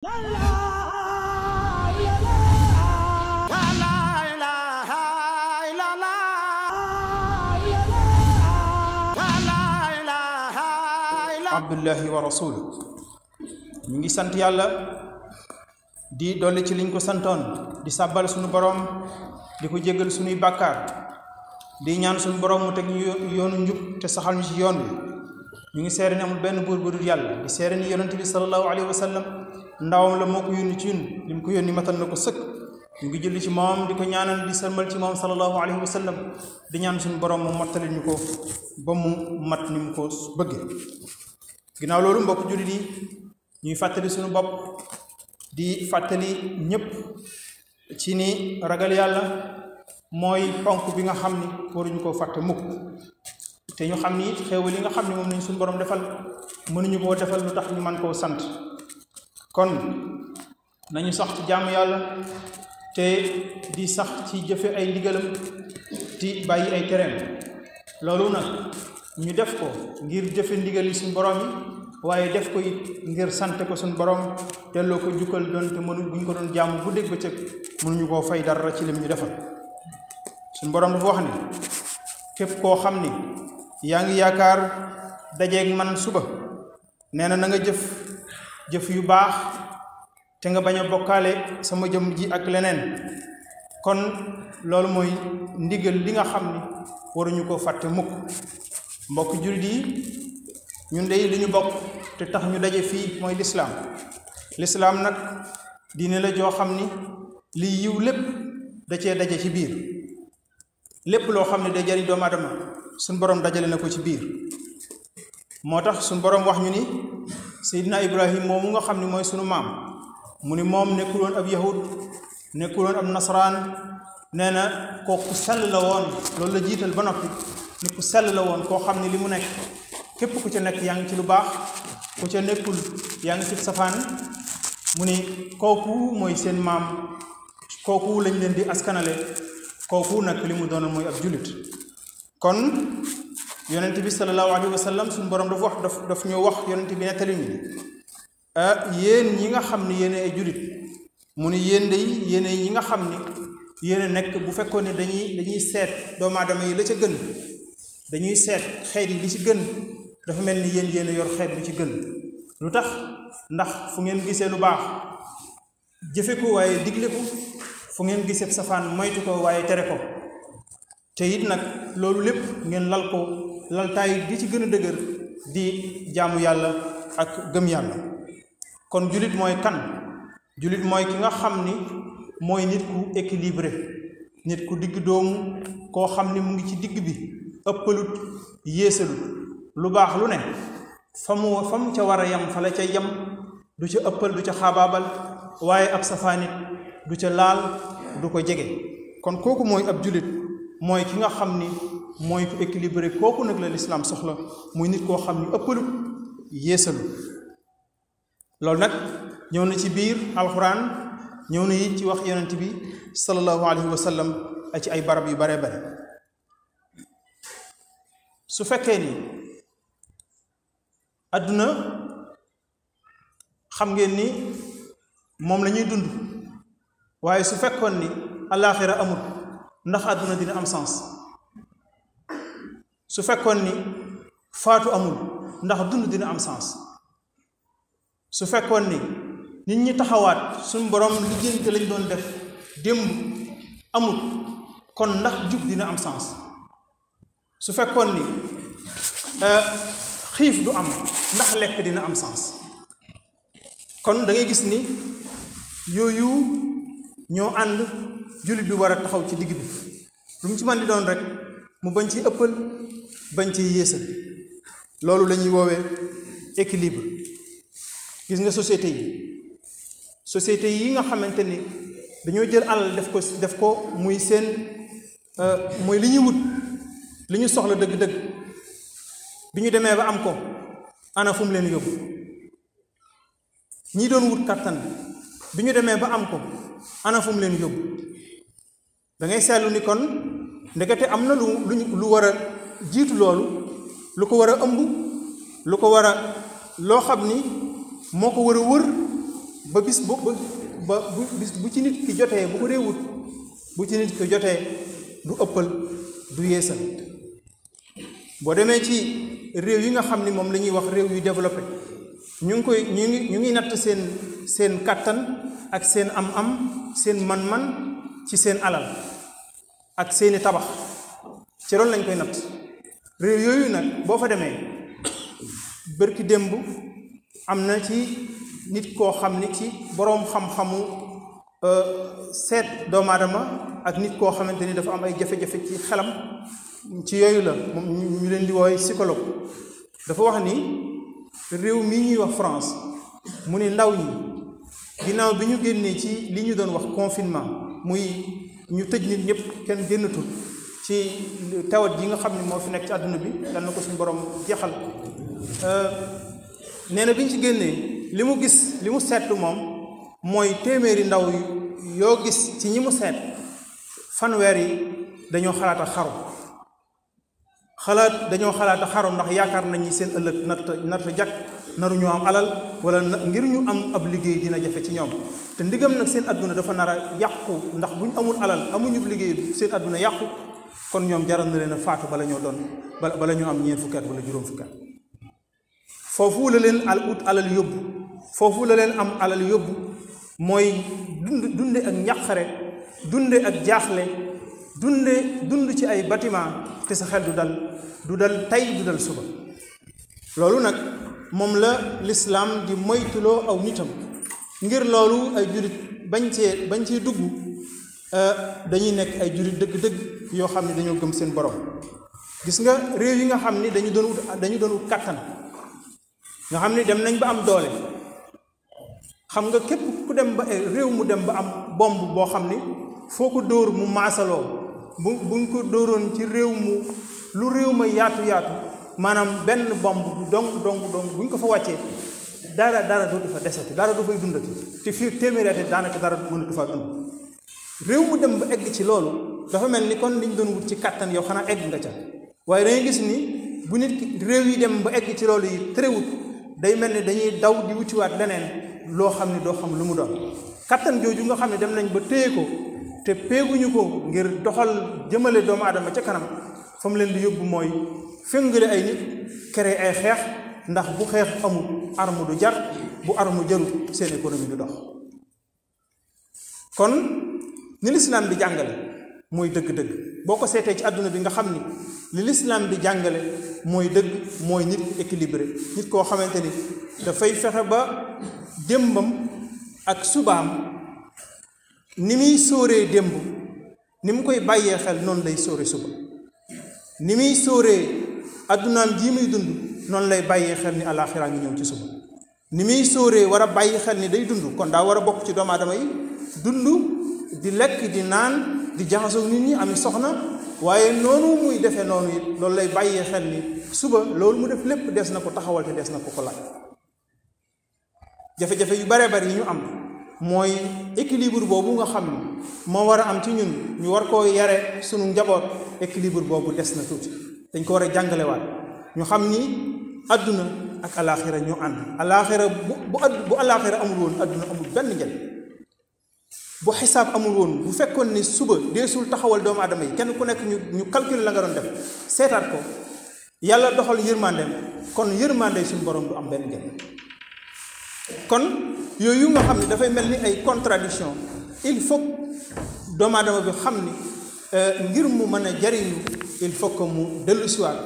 abdullahi wa rasulu ñu ngi sant yàlla di dolli ci liñ ko santoon di sàbbal suñu boroom di ko jégal suñuy bakkaar di ñaan sunu boroom mu teg ñu yoonu njub te saxal ñu ci yoon bi ngi seere ni amul benn buur bu dul yàlla di seere ni yonent bi sallallahu alayhi wa sallam ndawam la moko yoni ci ñun lim ko yoni matal nako ko ñu ngi jël ci mom di ñaanal di sermal ci mom sallallahu alaihi wasallam di ñaan suñu borom mu matal ñu ko ba mu mat ni ko bëgg ginaaw lolu mbokk jullit yi ñuy fatali suñu bop di fatali ñepp ci ni ragal yalla moy ponk bi nga xamni ni waruñu koo fàtte mukk te ñu xamni ni yi nga xamni ni lañ suñu borom defal mënuñu ko defal lutax ñu man ko sant kon nañu sax ci jaamu yàlla te di sax ci jëfe ay ndigalam ti bàyyi ay tereem loolu nag ñu def ko ngir jëfe ndigal yi suñ borom yi waaye def ko it ngir sant ko suñ borom delloo ko jukkal doonte mënu buñ ko doon jaamu bu dégg bëccëg mënuñu koo fay dara ci lim ñu defal suñ borom dafa wax ne képp koo xam ni yaa ngi yaakaar dajeeg man suba nee na na nga jëf jëf yu baax te nga baña bokalé sama jëm ji ak lenen kon lool moy ndigal li nga xamni ni waruñu ko fàtte mukk mbokk juldi ñun day li ñu bokk te tax ñu dajé fi moy l'islam l'islam nak diiné la jo xamni ni li yiw lepp da ci dajé ci biir lepp lo xamni day jari doom adam sun borom dajalé nako ci biir motax sun borom wax ñu ni Seydina Ibrahim moomu nga xam ne mooy sunu maam mu ni moom woon ab yahud nekkuloon ab nasaraan nee na kooku sell la woon loolu la jiital ba noppi ni ku sell la woon koo xam ne li mu nekk képp ku ca nekk yaa ngi ci lu baax ku ca nekkul yaa ngi ci safaan mu ni kooku mooy seen maam kooku lañ leen di askanale kooku nag li mu doon mooy ab jullit kon يونتي بي صلى الله عليه وسلم سون بروم داف واخ داف ньо واخ يونتي بي نتالي ني ا يين ييغا خامني يين اي جوريت موني يين داي يين اي ييغا خامني يين نيك بو فيكوني داني داني سيت دوما دامي لا سي گن داني سيت خيري لي سي گن داف ملني يين يين يور خيب لي سي گن لوتاخ ناخ فو نين گيسه لو باخ جيفيكو واي ديگليكو فو نين گيسه سفان مايتوكو واي تريكو تييت نك لولو ليب لالكو laltaay gi ci gën a dëgër di jaamu yàlla ak gëm yàlla kon jullit mooy kan jullit mooy ki nga xam ni mooy nit ku équilibré nit ku digg doomu koo xam ni mu ngi ci digg bi ëppalut yéesalut lu baax lu ne fa mu fa mu ca war a yam fa la ca yam du ca ëppal du ca xaabaabal waaye ab safaanit du ca laal du ko jege kon kooku mooy ab jullit mooy ki nga xam ni moy ko équilibré koku nak la l'islam soxla moy nit ko xamni ëppul ëppalu yéesalu nak ñëw na ci biir alcorane ñëw na it ci wax yonent bi sallallahu alayhi wa sallam ci ay barab yu bare bare su fekke ni aduna xam ngeen ni mom lañuy dund waye su fekkon ni alakhirah amul ndax aduna dina am sens su fekkoon ni faatu amul ndax dund dina am sens su fekkoon ni nit ñi taxawaat suñ borom lijjante lañ doon def démb amul kon ndax jug dina am sens su fekkoon ni euh, xiif du am ndax lekk dina am sens kon dangay gis ni yooyu ñoo ànd jullit bi war a taxaw ci digg bi lu mu ci mën di doon rek mu bañ ci ëppal bañ ci yéesal loolu la ñuy woowee équilibre gis nga societé yi société yi nga xamante ni dañoo jël alal def ko def ko muy seen euh, muy li ñuy wut li ñu soxla dëgg-dëgg bi ñu demee ba am ko ana fu mu leen yóbbu ñi doon wut kattan bi ñu demee ba am ko ana fu leen yóbbu da seetlu ni kon ndekete am na lu lu war jiitu loolu lu ko war a ëmb lu ko war a loo xam ni moo ko war a wër ba bis bu ba bu bis bu ci nit ki jotee bu ko dee wut bu ci nit ki jotee du ëppal du yeesal boo demee ci réew yi nga xam ni moom lañuy wax réew yu développé ñu ngi koy ñu ngi ñu ngi natt seen seen kàttan ak seen am-am seen man-man ci seen alal ak seeni tabax ci loolu lañ koy natt réew yooyu nag boo fa demee bërki démb am na ci nit koo xam ni ci boroom xam-xamu seet doomu aadama ak nit koo xamante ni dafa am ay jafe-jafe ci xelam ci yooyu la moom ñu leen di wooy psychologue dafa wax ni réew mii ñuy wax France mu ne ndaw ñi ginnaaw bi ñu génnee ci li ñu doon wax confinement muy ñu tëj nit ñëpp kenn génnatul ci tawat ji nga xam ne moo fi nekk ci àdduna bi dal na ko suñu borom jeexal euh, nee na bi ñu ci génnee li mu gis li mu seetlu moom mooy téeméeri ndaw yoo gis ci ñi mu seet fanweer yi dañoo xalaat a xaru xalaat dañoo xalaat a xaru ndax yaakaar nañ ni seen ëllëg nar ta nar ta naru ñu am alal wala ngir ñu am ab liggéey dina jafe ci ñoom te ndigam nag seen adduna dafa nara a yàqu ndax bu ñu amul alal amuñu liggéey seen adduna yàqu kon ñoom jaral na leen a faatu bala ñoo doon bala bala ñoo am ñeent fukki at wala juróom fukki at foofu la leen al ut alal yóbbu foofu la leen am alal yóbbu mooy dund dunde ak njàqare dunde ak jaaxle dunde dund ci ay bâtiment te sa xel du dal du dal tey du dal suba loolu nag moom la lislaam di moytuloo aw nitam ngir loolu ay jurit bañ cee bañ cee dugg Euh, dañuy nekk ay jullit dëgg-dëgg yoo xam ne dañoo gëm seen borom gis nga réew yi nga xam ne dañu doon wut dañu doon wut kàttan nga xam ne dem nañ ba am doole xam nga képp ku dem ba eh, réew mu dem ba am bomb boo xam ni foo ko dóor mu maasaloo bu buñ ko dóoroon ci réew mu lu réew ma yaatu yaatu maanaam benn bomb dong dong dong buñ ko fa wàccee dara dara du fa desati dara du fay a te fii téeméeri at daanaka dara du fa dund réew mu dem ba egg ci loolu dafa mel ni kon liñ doon wut ci kàttan yow xanaa egg nga ca waaye dangay gis ni bu nit ki réew yi dem ba egg ci loolu yi tërëwut day mel ni dañuy daw di wutiwaat leneen loo xam ni doo xam lu mu doon kàttan jooju nga xam ne dem nañ ba téye ko te péeguñu ko ngir doxal jëmale doomu aadama ca kanam fa mu leen di yóbbu mooy fengale ay nit créer ay xeex ndax bu xeex amul arme du jar bu arme jarul seen économie du dox ni lislaam di jàngale mooy dëgg-dëgg boo ko seetee ci àdduna bi nga xam ni li lislaam di jàngale mooy dëgg mooy nit équilibré nit koo xamante ni dafay fexe ba démbam ak subaam ni muy sooree démb ni mu koy bàyyee xel noonu lay sóore suba ni muy sóoree àddunaam jii muy dund noonu lay bàyyee xel ni alaaxiraa ngi ñëw ci suba ni muy sóoree war a bàyyi xel ni day dund kon daa war a bokk ci doomu aadama dund di lekk di naan di jaxasoo nit ñi am soxna waaye noonu muy defee noonu it loolu lay bàyyee xel ni suba loolu mu def lépp des na ko taxawal te des na ko ko laaj jafe-jafe yu baree bari yi ñu am mooy équilibre boobu nga xam ni moo war a am ci ñun ñu war koo yare sunu njaboot équilibre boobu des na tuuti dañ ko war a jàngalewaat ñu xam ni àdduna ak alaaxira ñu ànd alaaxira bu bu bu alaaxira amul woon àdduna amul benn njëriñ bu xisaab amul woon bu fekkoon ne suba deesul taxawal doomu aadama yi kenn ku nekk ñu ñu calculer la nga doon def seetaat ko yàlla doxal yërmandeem kon yërmande suñu borom du am benn gën kon yooyu nga xam ne dafay mel ni ay contradiction il faut doomu aadama bi xam ni ngir mu mën a jariñu il faut que mu dellu siwaat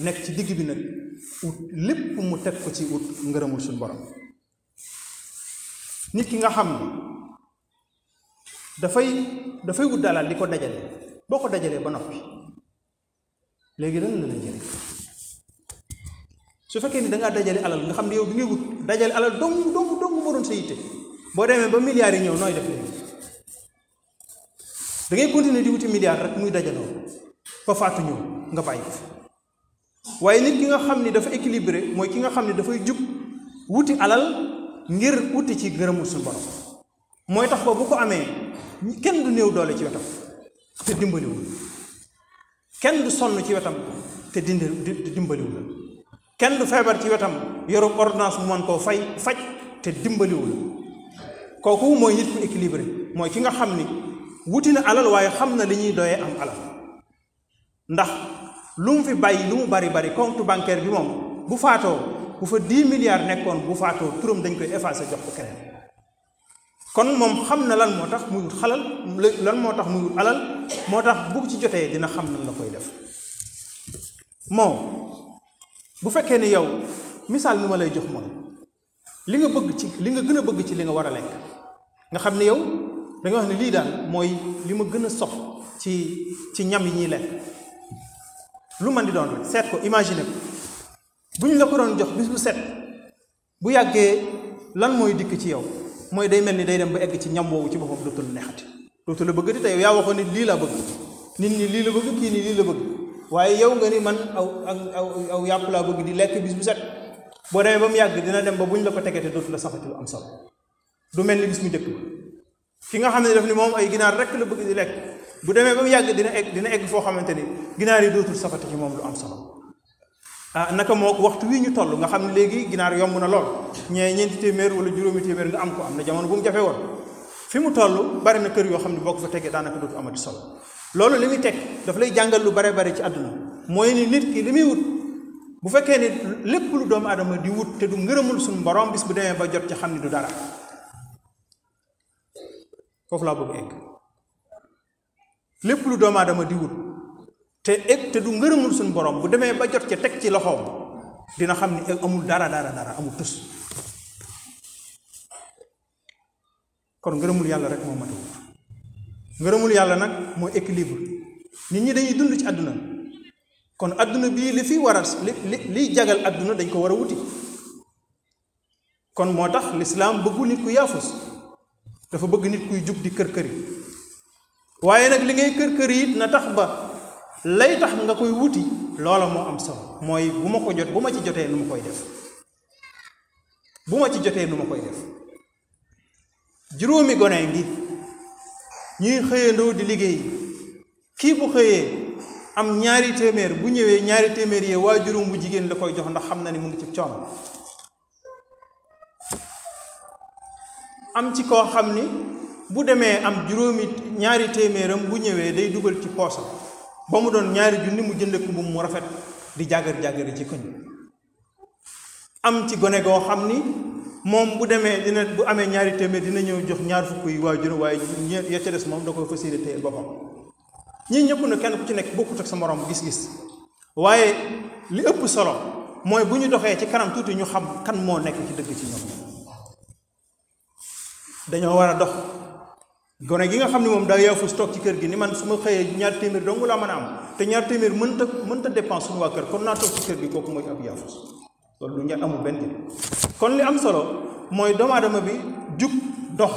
nekk ci digg bi nag ut lépp mu teg ko ci ut ngërëmul suñu borom nit ki nga xam dafay dafay wut dalal di ko dajale boo ko dajalee ba noppi léegi lan fekkee ni da ngaa dajale alal nga xam ne yow bi ngay wut dajale alal dong dong dong moo doon sa yitte boo demee ba milliar yi ñëw nooy def léegi da ngay continuer di wuti milliards rek muy dajaloo ba faatu nga bàyyi waaye nit ki nga xam ni dafa équilibré mooy ki nga xam ne dafay jub wuti alal ngir wuti ci gërëmu suñu borom mooy tax ba bu ko amee. kenn du néew doole ci wetam te dimbaliwul kenn du sonn ci wetam te dindi dimbaliwul kenn du feebar ci wetam yorub ordonnance bu man koo fay faj te dimbaliwul kooku mooy nit ku équilibré mooy ki nga xam ni wuti na alal waaye xam na li ñuy doyee am alal ndax lu mu fi bàyyi lu mu bari bari compte bancaire bi moom bu faatoo bu fa 10 milliards nekkoon bu faatoo turam dañ koy effacé jox ko keneen kon moom xam na lan moo tax muy wut xalal lan moo tax muy wut alal moo tax bu ci jotee dina xam nan la koy def moom bu fekkee ne yow misaal mi ma lay jox moom li nga bëgg ci li nga gën a bëgg ci li nga war a lekk nga xam ne yow da wax ne lii daal mooy li ma gën a sox ci ci ñam yi ñuy lekk lu man di doon rek seet ko imaginer ko bu ñu la ko doon jox bis bu set bu yàggee lan mooy dikk ci yow moy day melni day dem ba egg ci ñam woowu ci boppam dootul neexati dootul bëgg di tay yow yaa waxoon ni li la bëgg nit ñi li la bëgg ki ni li la bëgg waye yow nga ni man aw aw aw yàpp laa bëgg di lekk bis bu set bo dem ba mu yàgg dina dem ba buñ la ko tegete dootu la saxati lu am solo du melni bis mu njëkk ba ki nga xamne ne daf ni mom ay ginaar rek la bëgg di lekk bu demee bam yàgg dina egg dina egg foo xamante ni ginaar yi dootul safati ci moom lu am solo ah naka moo ko waxtu wi ñu toll nga xam ne léegi ginaar yomb na lool ñee ñeenti téeméer wala juróomi téeméer nga am ko am na jamono bu mu jafe woon fi mu toll bari na kër yoo xam ne boo ko fa tegee daanaka dootu amati solo loolu li muy teg dafa lay jàngal lu bare bare ci àdduna mooy ni nit ki li muy wut bu fekkee ne lépp lu doomu adama di wut te du ngërëmul suñu borom bis bu demee ba jot ci xam ne du dara foofu laa bëgg egg lépp lu doomu adama di wut te eg te du ngërëmul suñu borom bu demee ba jot ca teg ci loxoom dina xam ni amul dara dara dara amul tus kon ngërëmul yàlla rek moo matu ngërëmul yàlla nag moo équilibre nit ñi dañuy dund ci àdduna kon àdduna bii li fi war a li li liy jagal àdduna dañ ko war a wuti kon moo tax lislaam bëggul nit ku yaafus dafa bëgg nit kuy jub di kër kër yi waaye nag li ngay kër kër yi na tax ba lay tax nga koy wuti loola moo am solo mooy bu ma ko jot bu ma ci jotee nu ma koy def bu ma ci jotee nu ma koy juróomi gone ngi ñuy xëyandoo di liggéey kii bu xëyee am ñaari téeméer bu ñëwee ñaari téeméer yee waa juróom bu jigéen la koy jox ndax xam na ni mu ngi ci coono am ci koo xam ni bu demee am juróomi ñaari téeméeram bu ñëwee day dugal ci poosam ba mu doon ñaari junni mu jënd ko mbubb mu rafet di jàggar jàggari ci koñ am ci gone goo xam ni moom bu demee dina bu amee ñaari téeméer dina ñëw jox ñaari fukk yi waajur waaye ya ca des moom da koy fas yéene téyel boppam ñii ñëpp na kenn ku ci nekk bokkut ak sa moroom gis-gis waaye li ëpp solo mooy bu ñu doxee ci kanam tuuti ñu xam kan moo nekk ci dëgg ci ñoom dañoo war a dox gone gi nga xam ne moom daa yaafus toog ci kër gi ni man su ma xëyee ñaar téeméer dong laa mën a am te ñaar téeméer mënta mënta dépense suñu waa kër kon naa toog ci kër gi kooku mooy ab yaafus loolu lu kon li am solo mooy doomu bi jug dox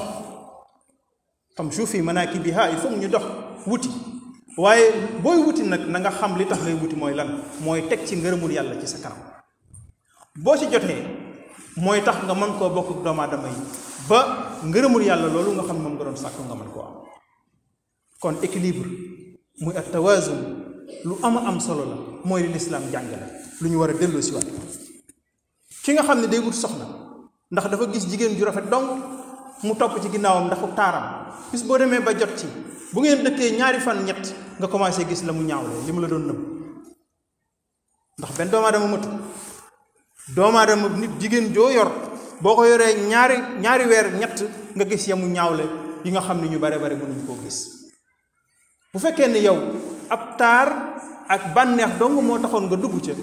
am suuf yi manaaki bi haa il faut ñu dox wuti waaye booy wuti nag na nga xam li tax ngay wuti mooy lan mooy teg ci ngërëmul yàlla ci sa kanam boo ci jotee mooy tax nga man koo bokk doomu aadama yi ba ngërëmul yàlla loolu nga xam moom nga doon sàkku nga mën koo am kon équilibre muy ak tawazun lu ama am solo la mooy li lislaam jàngale lu ñu war a delloo si waat ki nga xam ne day wut soxna ndax dafa gis jigéen ju rafet donc mu topp ci ginnaawam ndax taaram bis boo demee ba jot ci bu ngeen dëkkee ñaari fan ñett nga commencé gis la mu ñaawle li mu la doon nëbb ndax benn doomu aadama doomu aadama nit jigéen joo yor boo ko yoree ñaari ñaari weer ñett nga gis yamu ñaawle yi nga xam ne ñu bare bare mënuñu koo gis bu fekkee ne yow ab taar ak bànneex dong moo taxoon nga dugg ca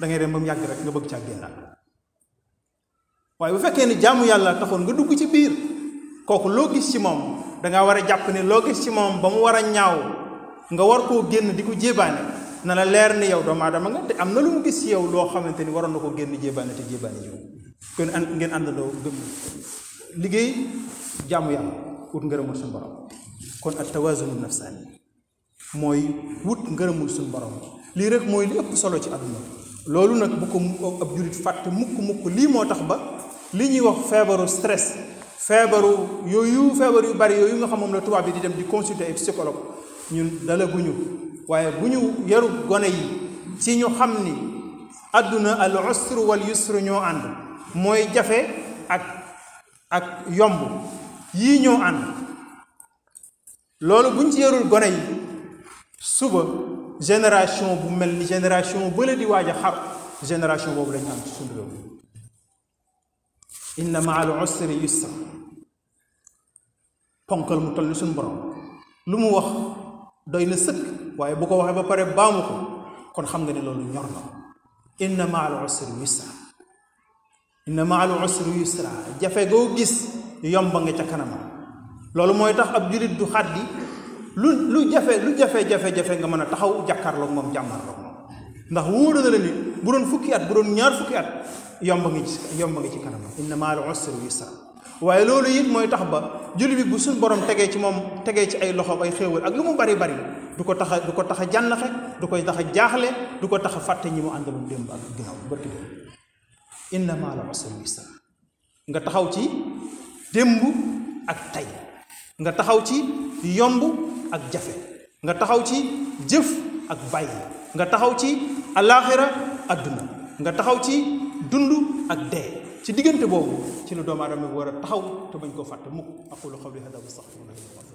da ngay dem ba mu yàgg rek nga bëgg ca génnaat waaye bu fekkee ne jàmm yàlla taxoon nga dugg ci biir kooku loo gis ci moom danga war a jàpp ne loo gis ci moom ba mu war a ñaaw nga war koo génn di ko jébaane na la leer ni yow doomu aadama nga te am na lu mu gis ci yow loo xamante ni waroon na ko génn jébaane te jébaane yow kon an ngeen àndandoo gëm liggéey jaamu yàlla wut ngërëmul suñu borom kon ak tawaazunu nafsaani mooy wut ngërëmul suñ borom lii rek mooy li solo ci àdduna loolu nag bu ko ab julit fàtte mukk mukk lii moo tax ba li ñuy wax feebaru stress feebaru yooyu feebar yu bari yooyu nga xam moom la tubaab yi di dem di consulter ay psychologue ñun dalaguñu waye buñu yeru gone yi ci ñu xamni aduna al usr wal yusr ñoo ànd moy jafe ak ak yomb yi ñoo ànd lolu buñ ci yarul gone yi suba génération bu mel ni génération le di waja xar génération bobu lañ am ci suñu rew inna ma al usri yusra ponkal mu tollu ni suñu borom lu mu wax doy na sëkk waaye bu ko waxee ba pare baamu ko kon xam nga ne loolu ñor na inna maa al usri yusra inna maa al usri yusra jafe goo gis yomb nga ca kanamam loolu mooy tax ab julit du xaddi lu lu jafe lu jafe-jafe-jafe nga mën a taxaw jàkkaarloog moom jàmmarloog moom ndax wóor la ni bu doon fukki at bu doon ñaar fukki at yomb nga ci yomb nga ci kanamam inna maa al usri yusra waye lolu yit moy tax ba julli bi bu suñ borom tege ci mom tege ci ay loxo ay xéewal ak lu mu bari bari duko tax duko tax jann jànnaxe duko tax jaxle duko tax fàtte ñi mu andal dem ak ginnaaw barki dem inna ma la usri yusra nga taxaw ci dembu ak tay nga taxaw ci yombu ak jafe nga taxaw ci jëf ak bàyyi nga taxaw ci al-akhirah aduna nga taxaw ci dundu ak dee ci diggante boobu ci ne doomu aadama bi war a taxaw te bañ koo fàtte mukk aqulu xawli hada wa astaxfirullahi